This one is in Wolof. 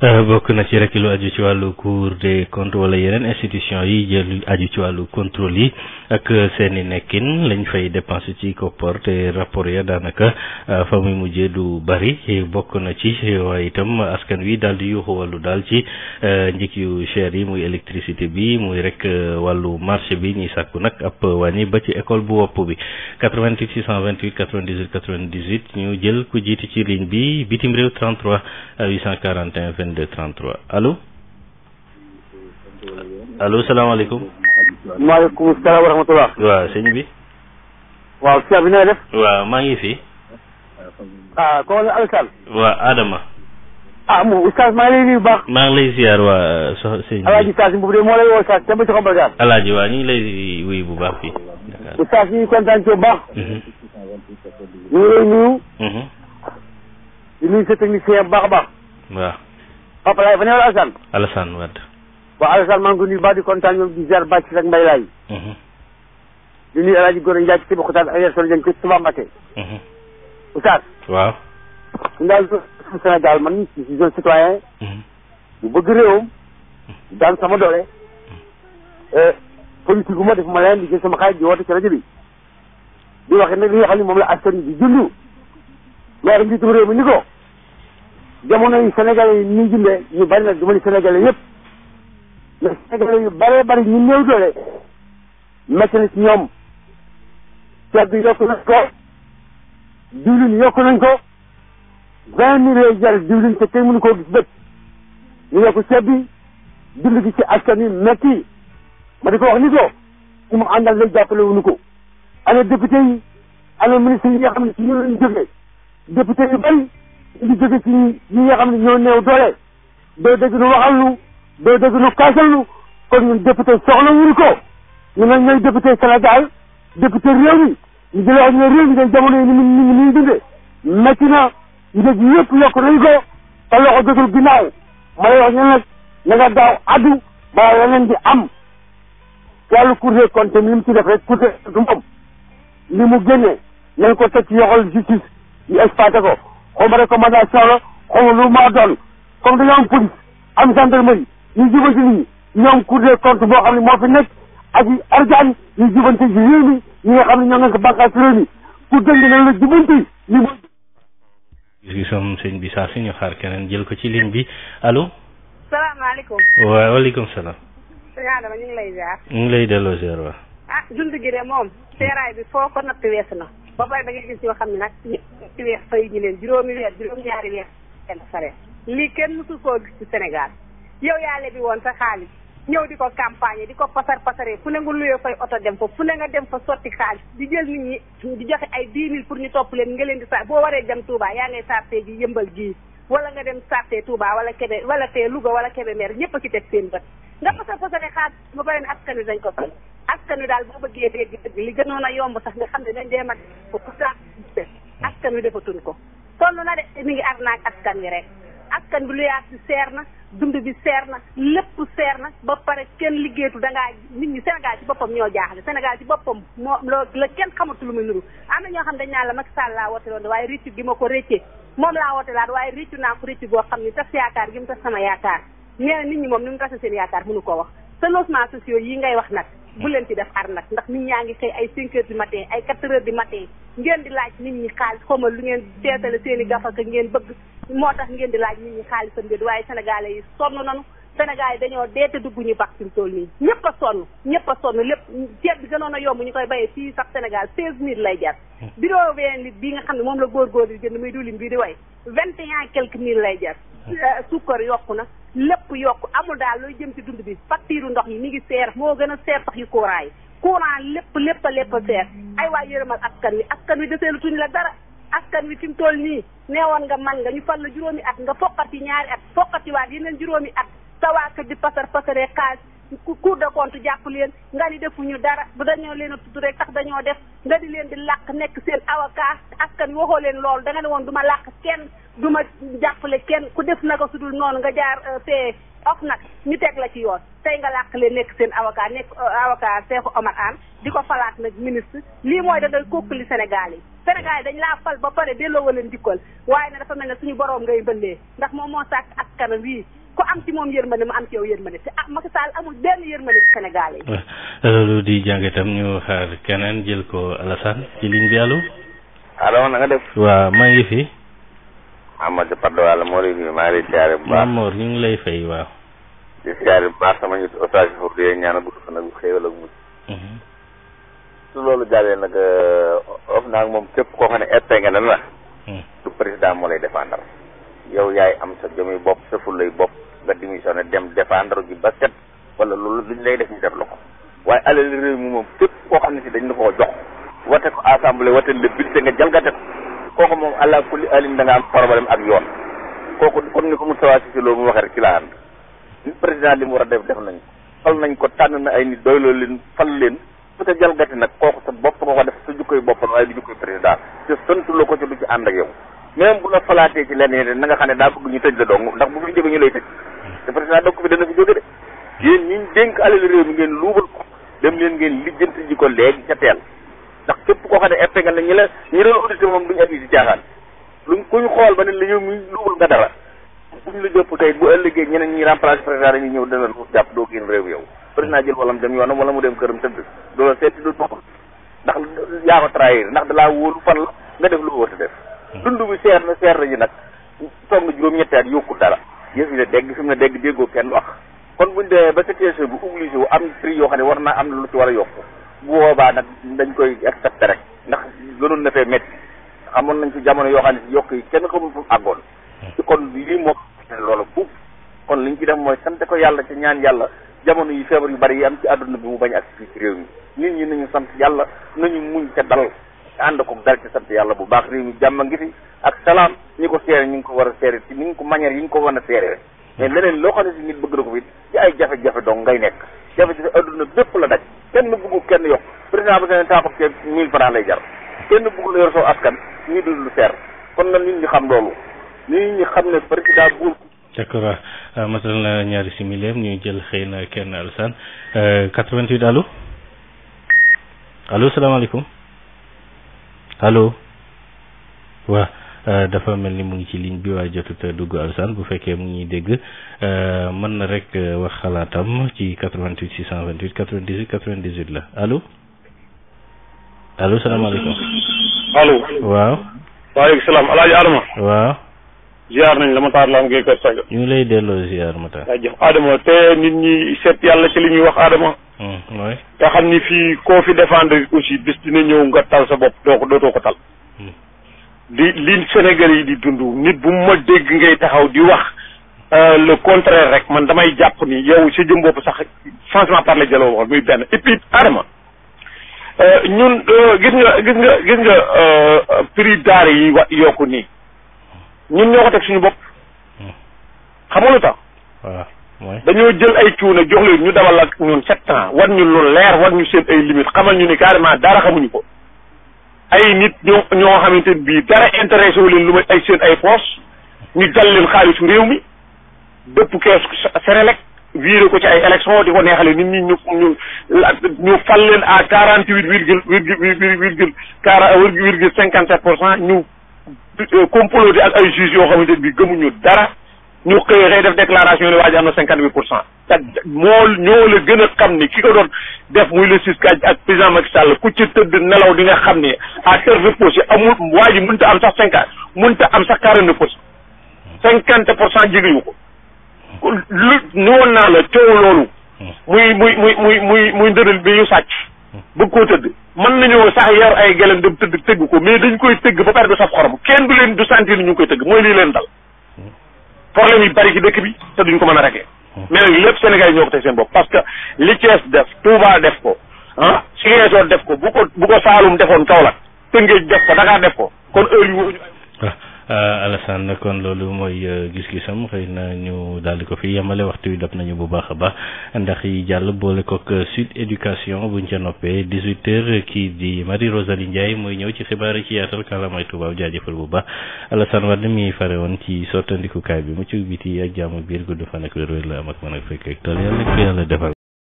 Euh, bokk na ci rek lu aju ci wàllu cour des comptes wala yeneen institution yi jël aju ci wàllu contrôle yi ak seen i nekkin lañ fay dépensé ci koppar te rapport ya daanaka euh, fa muy mujjee du bari bokk na ci waaye itam askan wi daal di yuuxu wàllu daal ci euh, njëg yu cher yi muy électricité bi muy rek wàllu marché bi ñuy sàkku nag ab wàññi ba ci école bu wopp bi 88 628 98 98 ñu jël ku jiitu ci ligne bi bitim réew 33 841 22 33 allo allo salaamaaleykum. maaleykum salaam wa rahmatulah. waaw sëñ bi. waaw sëñ bi na maa ngi la ah, Alassane. waaw Adama. ah moom oustaz maa ngi lay nuyu waa so sëñ bi. alaaji Saas boobu de ñu ngi lay bu baax fii. oustaz ñu ngi kontaan ci bu baax. Mhm. ñu ngi lay nuyu. Mhm. di nuyu Papa Laye fa ne wala Alassane. Alassane Wade. waaw Alassane maa ngi di kontaan ñoom di ziar bàcc rek mbay di nuyu El Hadj Gora Ndiaye ci Sébikotane ak Yerson Dieng ci Touba Mbacké. Mhm. Oustaz. waaw. Ndaal Sénégal man je suis un mhm. mhm. sama doole. Euh, politique bu ma def di jël sama xaalis di woote ci rajo bi. di wax nag li nga xam ne moom la askan bi di dund. loolu njiitu réew mi ni jamono yi sénégalais yi ñuy dundee ñu bari na du ma ni sénégalais yëpp mais sénégalais yu baree bari ñu néew doole métti na ci ñoom ceeb bi yokk nañ ko diwlin yokk nañ ko vingt mille lay jar diwlin te kenn mënu koo gis bët ñu yokk ceeb bi ci askan wi métti ma di ko wax ni ko ku mu àndal lay jàppale wuñu ko ana député yi ana ministre yi nga xam ne ci ñun lañ jógee député yu bari li jóge ci ñi nga xam ne ñoo néew doole doo dégg nu waxal nu doo dégg nu kaasal nu kon ñun député soxla wuñu ko ñu nag ñooy député Sénégal député réew mi ñu di wax ne réew mi day jamono yi ni mu ni mu dundee métti na njëg yëpp yokk nañ ko te loxo jotul ginnaaw ma lay wax ñu nag na nga daaw addu balaa leneen di am wàllu Cour des comptes mi mu ci def rek Cour des comptes moom li mu génnee nañ ko teg ci yoxal justice ñu exploité ko xaw ma recommandation la xaw ma lu maa doon comme dañoo am police am gendarmerie ñu jubante ñoom Cour des comptes boo xam ne moo fi nekk ak yi argaan ñu jubante ji réew mi ñi nga xam ne ñoo ngi ko bànqaas réew mi pour dégg nañ la jubante li mooy gis-gisam sëñ bi saa si ñu xaar jël ko ci ligne bi allo salaamaaleykum waaw waaleykum salaam sëñ Adama ñu ngi lay ziar ñu ngi lay delloo ziar waaw ah dund gi de moom seeraay bi foo ko natt wees na ba pare da ngay gis yoo xam ne nag ñetti weer fay ñu leen juróomi weer juróom-ñaari weer kenn salaire lii kenn mësu koo gis ci Sénégal yow yaa lebi woon sa xaalis ñëw di ko campagne di ko pasar pasaree fu ne nga luyoo fay oto dem fa fu ne nga dem fa sotti xaalis di jël ni ñi di joxe ay 10 pour ñu topp leen nga leen di sa boo waree dem Touba yaa ngay sartee ji yëmbal ji wala nga dem sartee Touba wala Kébé wala tee Louga wala Kébémer ñëpp a ci teg seen bët nga pasar pasaree xaalis ba pare ne dañ ko fay askan wi daal boo bëggee dégg dëgg li gënoon a yomb sax nga xam ne dañ dee mat ko pourtant hmm. askan wi defatuñ ko toll na de mi ngi arnaak askan wi rek askan bi luyaas bi seer na dund bi seer na lépp seer na ba pare kenn liggéeytu dangaa nit ñi Sénégal ci boppam ñoo jaaxle Sénégal ci boppam moo loo la kenn xamatu lu muy nuru am na ñoo xam dañ naan la Macky Sall laa woote loon de waaye réccu gi ma ko réccee moom laa woote laat waaye réccu naa ko réccu goo xam ni tas yaakaar gi mu tas sama yaakaar ñee nit ñi moom ni mu tasa seen yaakaar mënu ko wax te logements sociaux wax nag bu leen ci def ar arnaque ndax nit ñaa ngi xëy ay 5 heures du matin ay 4 heures du matin ngeen di laaj nit ñi xaalis xawma lu ngeen seetale seen i gafaka ngeen bëgg moo tax ngeen di laaj nit ñi xaalisam déet waaye sénégalais yi sonn nañu sénégal yi dañoo deete dugg ñu bax tool nii ñëpp a sonn ñëpp a sonn lépp ceeb bi gënoon a yomb ñu koy bayee fii sax sénégal seize mille lay jar hmm. bidon vingt litre bii nga xam ne moom la góor di jënd muy diwlin bii di way vingt et un quelque mille lay jar hmm. euh, suukar yokku na lépp yokk amul daal looy jëm ci dund bi facture ndox yi mi ngi seer moo gën a seer sax yu courant yi courant lépp lépp a lépp a seer ay waay yërëmal askan wi askan wi deseelu tuñ la dara askan wi fi mu toll nii neewoon nga man nga ñu fal la juróomi at nga foqati ñaari at foqati waat yeneen juróomi at sa waa kër di pasar pasaree xaalis cour de compte jàpp leen nga ni defuñu dara bu dañoo leen a tudd rek tax dañoo def nga di leen di lakk nekk seen avocat askan waxoo leen loolu danga ne woon du ma làq kenn du ma jàppale kenn ku def na su dul noonu nga jaar euh, fee ok nag ñu teg la ci yoon tey nga làq leen nekk seen avocat nekk euh, avocat Cheikhou Oumar Anne di ko falaat nag ministre lii mooy da doy kokkali Sénégal yi Sénégal yi dañ laa fal ba pare delloo waleen ko waaye na dafa mel ne suñu borom ngay bëllee ndax moom moo sàkk askan wi ku am ci moom yërmande mu am ci yow yërmande te ah amul benn yërmande ci Sénégal yi. loolu di jàngatam ñu xaar keneen jël ko Alassane ci ligne bi allo. allo na nga def. waaw maa ngi fi. Amadou Pado lay nuyu maa ngi ñu ngi lay fay waaw. Mhm. su loolu jàllee nag euh, of naa moom képp koo xam ne ete nga nan la. Mhm. du président moo lay défendre. yow yaay am sa jëmi bopp sa fulay bopp nga démissionné dem défendre ji ba set wala loolu luñ lay def ñu def la ko waaye alal réew mi moom fépp koo xam ne si dañ la koo jox wate ko assemblée wate le budget nga ko kooku moom allah kulli alin da am problème ak yoon kooku kon ni ko Moustapha Cissé Lo mu waxee rek ci laa ànd li président li mu war a def def nañ fal nañ ko tànn na ay nit doyloo leen fal leen bu ca jalgati nag kooku sa bopp nga ko def sa jukkoy boppal waaye du jukkoy président te santu la ko ci du ci ànd ak yow même bu la falaatee ci leneen na nga xam ne daa bëgg ñu tëj la dong ndax bu fi jóge ñu lay tëj te président dëkk bi dana fi jóge de yéen ñi dénk alal réew mi ngeen luubal ko dem leen ngeen lijjanti ji ko léegi ca teel ndax képp koo xam ne eppe nga ne ñi la ñi doon audité moom duñu at yi ci caaxaan luñ kuñ xool ba ne la yow mi nga dara buñ la jëpp tey bu ëllëgee ñeneen ñi remplacé président dañuy ñëw dana la jàpp doo génn réew yow président jël walam dem yoonam wala mu dem këram tëdd doo seeti du ndax yaa ko trahir ndax dalaa wóolu fan la nga def lu wóor te Mm-hmm. dund bi seer na seer nañu nag toog na juróom-ñetti at yokku dara yëf yi ne dégg fi mu dégg déggoo kenn wax kon buñ dee ba situation bi obligé wu am prix yoo xam ne war naa am lu ci war a yokku bu boobaa nag dañ koy accepté rek ndax gënoon na fee métti xamoon nañ ci jamono yoo xam ne yokk yi kenn xamul fu mu ci mm-hmm. kon lii moo loolu fuuf kon liñ ci dem mooy sant ko yàlla ci ñaan yàlla jamono yi feebar yu bari yi am ci àdduna bi mu bañ ak fii ci réew mi nit ñi nañu sant yàlla nañu muñ te da ànd ko dal ci sant yàlla bu baax réew mi jàmm ngi fi ak salaam ñi ko seere ñu ngi ko war a seere ci ni ngi ko manière yi ngi ko war a seere mais leneen loo xam ne si nit bëgg na ko fi ci ay jafe-jafe dong ngay nekk jafe-jafe adduna bépp la daj kenn bëggu kenn yokk président bu seen saako ceeb mille francs lay jar kenn bëggu la lu seer kon na nit xam loolu nit ñi xam ne président buur d'accord euh, matal na ñaari simileem ñu jël xëy na kenn alsan 88 euh, allo allo salaamaaleykum allo waa euh, dafa mel ni mu ngi ci ligne bi waaye jotut dugg alsan bu fekkee mu ngi dégg euh, mën na rek euh, wax xalaatam ci 88 628 98 98 la allo allo salaamaaleykum. allo waaw. waaleykum salaam El Hadj Adama. waaw. ziar nañ la Matar Lam Guèye Kër Sanga. ñu ngi lay delloo ziar Matar. jaajëf Adama te nit ñi seet yàlla ci li ñuy wax Adama. te hmm, xam ni fii koo fi défendre aussi bis dina ñëw nga tal sa bopp doo ko dootoo ko tal. Hmm. di li Sénégal yi di dund nit bu ma dégg ngay taxaw di wax euh, le contraire rek man damay jàpp ni yow si jëm bopp sax changement par les jaloo waxoon muy benn et puis Adama euh, ñun euh, gis nga gis nga gis nga prix daara yi wa yokku nii ñun ñoo ko teg suñu bopp hmm. xam nga lu dañoo jël ay cuune jox leen ñu dawal ak ñun sept ans war ñu lu leer war ñu seen ay limite xamal ñu ni carrément dara xamuñu ko ay nit ñoo ñoo xamante ne bii dara intéressé leen lu may ay seen ay poche ñu jàll leen xaalisu réew mi dëpp keesu Senelec viré ko ci ay élection di ko neexale nit ñu ñu ñu fal leen à quarante huit virgule virgule virgule quarante virgule cinquante sept pour cent ñu euh, comploté ak ay juges yoo xamante ne bii gëmuñu dara ñu xëy xëy def déclaration ni waa ji am na cinquante huit pour cent moo ñoo la gën a xam ni ki ko doon def muy le six ak président Macky Sall ku ci tëdd nelaw di nga xam ni à terre reposée amul waa ji mënta am sax cinquante mënta am sax quarante neuf pour cent cinquante pour cent jéggiwu ko lu ni woon naa la coow loolu muy muy muy muy muy muy ndëral bi ñu sàcc bëgg koo tëdd mën nañoo sax yar ay gelam dem tëdd tëgg ko mais dañ koy tëgg ba pare du saf xorom kenn du leen du sentir ñu ngi koy tëgg mooy leen dal problème yi bari ci dëkk bi te duñ ko mën a régler hmm. mais lépp Sénégal yi ñoo ko teg seen bopp parce que li Thiès def Touba def ko ah Ziguinchor def ko bu ko bu ko Saalum defoon Kaolack Tëngéej def ko Dakar def ko kon heure yi Euh, Alassane kon loolu mooy euh, gis-gisam xëy na ñu daal di ko fi yemale waxtu wi dab nañu bu baax a baax ndax yi jàll boole kook euh, Sud Éducation buñ ca noppee 18h kii di Marie Rosalie Ndiaye mooy ñëw ci xibaar ci yaatal kàllaamay tubaab jaajëfal bu baax Alassane Wade mi fare woon ci sottandikukaay bi mu ci biti ak jaamu biir gudd fan ak wér-wér la am ak mën ak fekk ak tool yàlla ko yàlla defal.